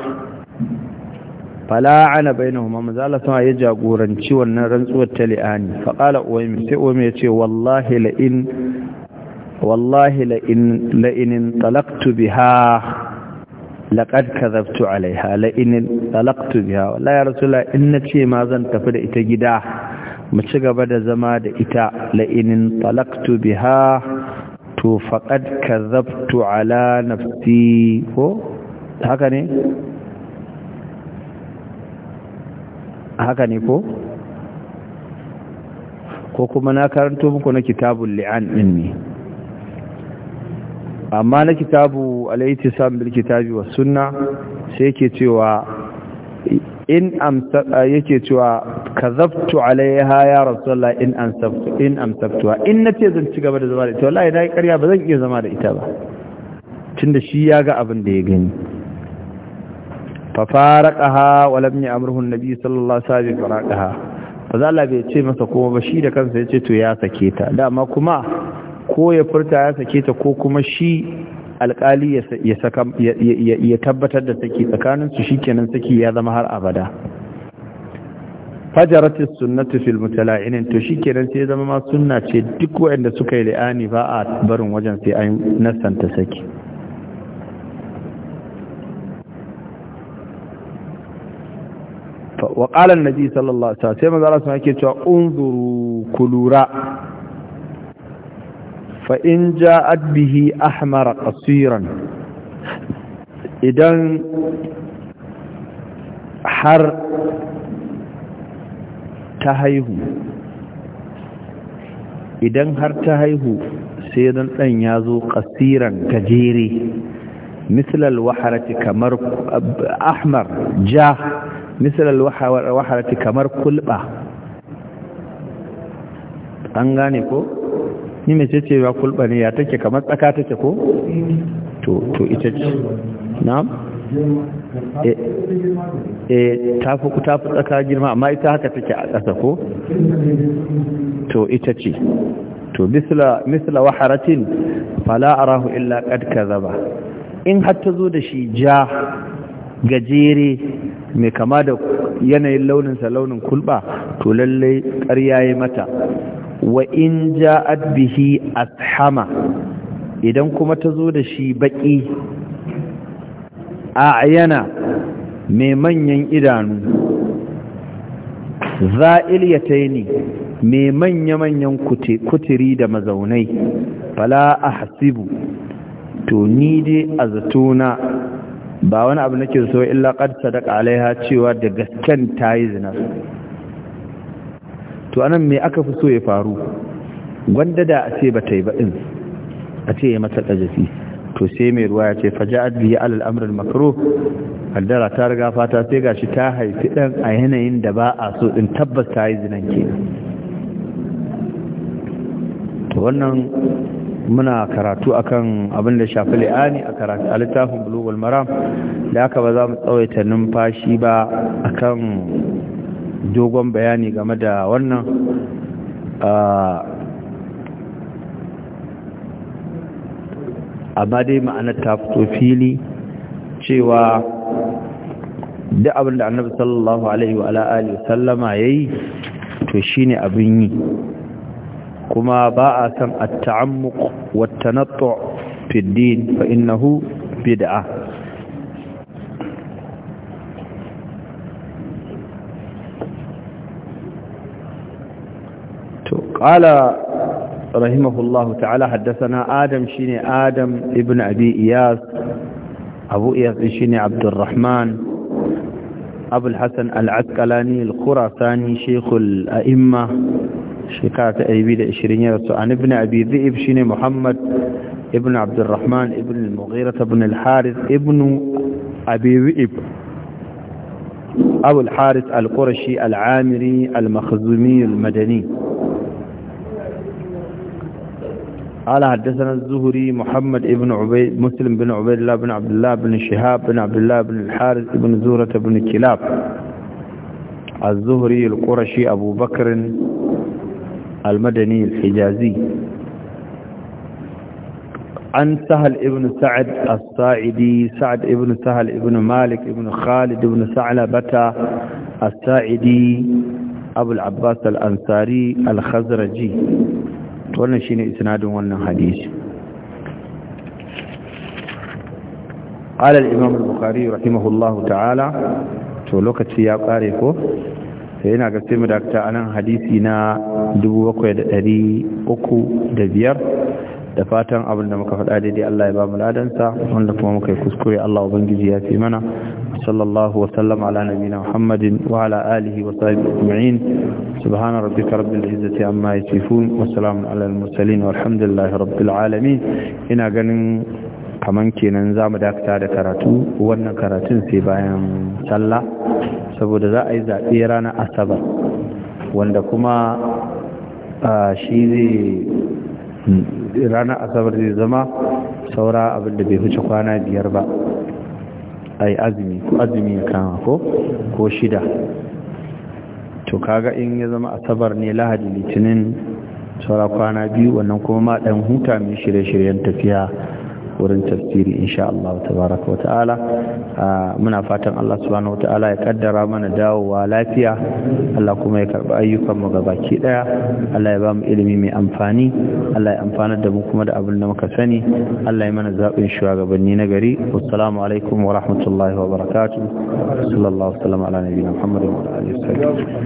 fala ana bainahuma manzo sama ya jagoranci wannan rantsuwar ta li'ani fa uwaimi sai uwaimi ya ce wallahi la in wallahi la biha laqad kadhabtu alaiha la'inin in talaqtu biha wallahi ya rasulullah in ce ma zan tafi da ita gida mu ci gaba da zama da ita la in talaqtu biha to faqad kadhabtu ala nafti. ko haka ne haka ne ko ko kuma na karanto muku na kitabun li'an inni. ne amma na kitabu alaiti bil kitabi wa sunna sai yake cewa in amsa yake cewa kazabtu alaiha ya rasulullah in amsaftu in amsaftuha in nace zan ci gaba da zama da ita wallahi na ƙarya ba zan iya zama da ita ba tunda shi ya ga abin da ya gani fa faraqaha wa lam ya'murhu an-nabi sallallahu alaihi wasallam faraqaha fa zalla bai ce masa kuma ba shi da kansa yace to ya sake ta dama kuma ko ya furta ya sake ta ko kuma shi alkali ya tabbatar da saki tsakaninsu shi kenan saki ya zama har abada fajarati sunnatu fil mutala'inin to shikenan sai zama ma sunna ce duk waɗanda suka yi li'ani ba a barin wajen sai an nasanta saki wa qala an-nabi sallallahu alaihi wasallam sai manzo Allah yake cewa unzuru kulura fa'in ja bihi ahmara ƙasiran idan har ta haihu idan har ta haihu sai don ɗan ya zo ƙasiran gajere misalal waharati kamar ahmar ja misalal waharati kamar kulɓa an gane ko? ni ne ce cewa kulba ne ya take kamar tsaka take ko to ita ce na'am eh, eh tafi ku tafi tsaka girma amma ita haka take a ƙasa ko to ita ce to misla misla waharatin fala arahu illa qad zaba. in har ta zo da shi ja gajere mai kama da yanayin launinsa launin kulba to lallai ƙarya ya mata wa in ja'at bihi ashama idan kuma ta zo da shi baki a'yana me manyan idanu za'iliyataini me manya-manyan kuturi da mazaunai fala ahsibu to ni dai a zatona ba wani abu nake so illa qad sadaqa alaiha cewa da gaskan tayi zina to anan me aka fi so ya faru gwanda da a ce ba ta yi ba din a ce ya mata kajafi to sai mai ruwa ya ce faja'at bihi alal amr al makruh kaddara ta riga fata sai gashi ta haifi ɗan a yanayin da ba a so din tabbas ta yi zinan ke. to wannan muna karatu akan abin da shafi li'ani a karatu a littafin bulugul maram da aka ba za mu tsawaita numfashi ba akan dogon bayani game da wannan ah, amma dai ma'anar ta fito fili cewa duk abin da annabi sallallahu alaihi wa alihi sallama yayi to shine abin yi kuma ba a san at-ta'ammuq wat-tanattu' fi din fa innahu bid'ah قال رحمه الله تعالى حدثنا آدم شيني آدم ابن أبي إياس أبو إياس شيني عبد الرحمن أبو الحسن العسقلاني الخراساني شيخ الأئمة شيخات أيبيد الإشرينية عن ابن أبي ذئب شيني محمد ابن عبد الرحمن ابن المغيرة ابن الحارث ابن أبي ذئب أبو الحارث القرشي العامري المخزومي المدني قال حدثنا الزهري محمد بن عبيد مسلم بن عبيد الله بن عبد الله بن شهاب بن عبد الله بن الحارث بن زورة بن كلاب الزهري القرشي أبو بكر المدني الحجازي عن سهل ابن سعد الساعدي سعد ابن سهل ابن مالك ابن خالد ابن ثعلبة الساعدي أبو العباس الأنصاري الخزرجي wannan shine isnadin wannan hadisi Alal imam Bukhari rahimahullahu ta'ala, ta'ala to lokaci ya kare ko sai yana gaske mu dakta anan hadisi na biyar. da fatan abin da muka faɗa daidai Allah ya ba mu ladansa wanda kuma muka yi kuskure Allah ubangiji ya fi mana sallallahu wa sallama ala nabiyina Muhammadin wa ala alihi wa sahbihi ajma'in subhana rabbika rabbil izzati amma yasifun wa salamun ala al mursalin walhamdulillahi rabbil alamin ina ganin kaman kenan za mu dakata da karatu wannan karatun sai bayan sallah saboda za a yi zaɓe ranar asabar wanda kuma ah, shi zai ranar asabar zai zama saura abinda bai huce kwana biyar ba ai azumi ko azumi ya kama ko ko shida to kaga in ya zama asabar ne lahadi litinin saura kwana biyu wannan kuma ma ɗan huta mai shirye-shiryen tafiya wurin tafsiri insha Allah tabaraka wa ta'ala ah, muna fatan Allah subhanahu wa ta'ala ya kaddara mana dawowa lafiya Allah kuma ya karba ayyukan mu gabaki daya Allah ya ba mu ilimi mai amfani Allah ya amfana da mu kuma da abin da muka sani Allah ya mana zaɓin shugabanni na gari wassalamu alaikum wa rahmatullahi wa barakatuh sallallahu alaihi wa sallam ala nabiyina wa alihi